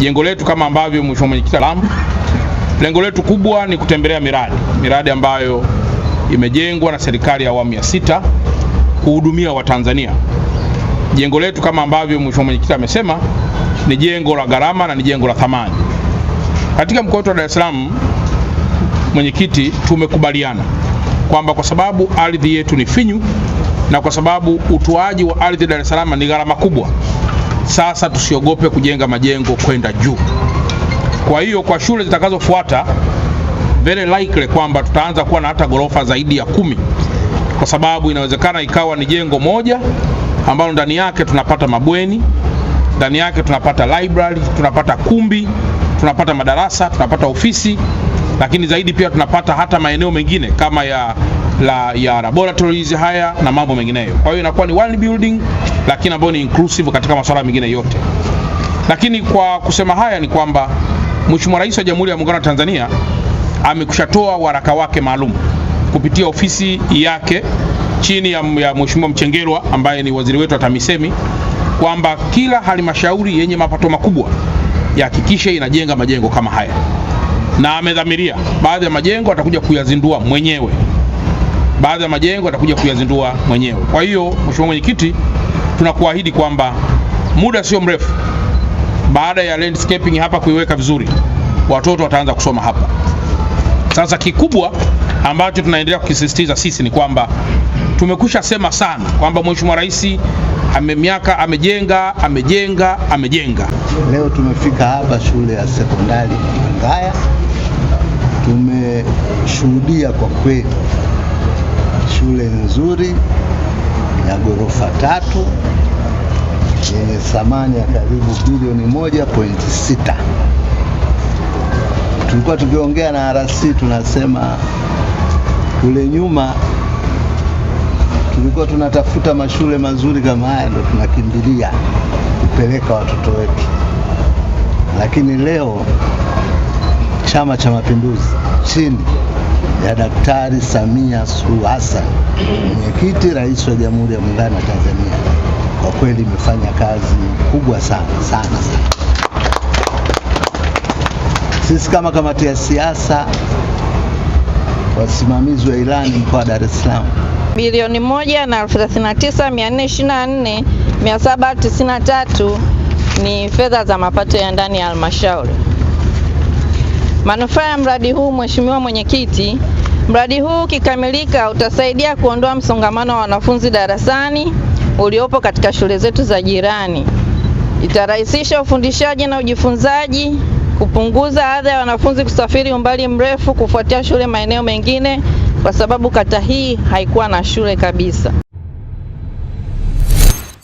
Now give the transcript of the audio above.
jengo letu kama ambavyo mheshimiwa mwenyekiti salamu, lengo letu kubwa ni kutembelea miradi miradi ambayo imejengwa na serikali ya awamu ya sita kuhudumia Watanzania. Jengo letu kama ambavyo mheshimiwa mwenyekiti amesema ni jengo la gharama na ni jengo la thamani. Katika mkoa wetu wa Dar es Salaam, mwenyekiti, tumekubaliana kwamba kwa sababu ardhi yetu ni finyu na kwa sababu utoaji wa ardhi Dar es Salaam ni gharama kubwa, sasa tusiogope kujenga majengo kwenda juu. Kwa hiyo kwa shule zitakazofuata very likely kwamba tutaanza kuwa na hata ghorofa zaidi ya kumi, kwa sababu inawezekana ikawa ni jengo moja ambalo ndani yake tunapata mabweni, ndani yake tunapata library, tunapata kumbi, tunapata madarasa, tunapata ofisi, lakini zaidi pia tunapata hata maeneo mengine kama ya la, ya laboratories haya na mambo mengineyo. Kwa hiyo inakuwa ni one building, lakini ambayo ni inclusive katika masuala mengine yote. Lakini kwa kusema haya ni kwamba Mheshimiwa Rais wa Jamhuri ya Muungano wa Tanzania amekushatoa waraka wake maalum kupitia ofisi yake chini ya, ya Mheshimiwa Mchengerwa ambaye ni waziri wetu wa TAMISEMI kwamba kila halmashauri yenye mapato makubwa yahakikishe inajenga majengo kama haya na amedhamiria baadhi ya majengo atakuja kuyazindua mwenyewe, baadhi ya majengo atakuja kuyazindua mwenyewe. Kwa hiyo, Mheshimiwa Mwenyekiti, tunakuahidi kwamba muda sio mrefu baada ya landscaping hapa kuiweka vizuri, watoto wataanza kusoma hapa. Sasa kikubwa ambacho tunaendelea kukisisitiza sisi ni kwamba tumekwisha sema sana kwamba Mheshimiwa Rais ame miaka amejenga amejenga amejenga. Leo tumefika hapa shule ya sekondari Ngaya, tumeshuhudia kwa kweli shule nzuri ya ghorofa tatu yenye thamani ya karibu bilioni moja pointi sita. Tulikuwa tukiongea na RC tunasema kule nyuma tulikuwa tunatafuta mashule mazuri kama haya, ndio tunakimbilia kupeleka watoto wetu. Lakini leo Chama cha Mapinduzi chini ya Daktari Samia Suluhu Hassan, mwenyekiti rais wa Jamhuri ya Muungano wa Tanzania, kwa kweli imefanya kazi kubwa sana sana sana. Sisi kama kamati ya siasa, wasimamizi wa ilani mkoa wa Dar es Salaam bilioni moja na elfu thelathini na tisa mia nne ishirini na nne mia saba tisini na tatu ni fedha za mapato ya ndani ya halmashauri. Manufaa ya mradi huu, Mheshimiwa Mwenyekiti, mradi huu ukikamilika utasaidia kuondoa msongamano wa wanafunzi darasani uliopo katika shule zetu za jirani. Itarahisisha ufundishaji na ujifunzaji, kupunguza adha ya wanafunzi kusafiri umbali mrefu kufuatia shule maeneo mengine kwa sababu kata hii haikuwa na shule kabisa.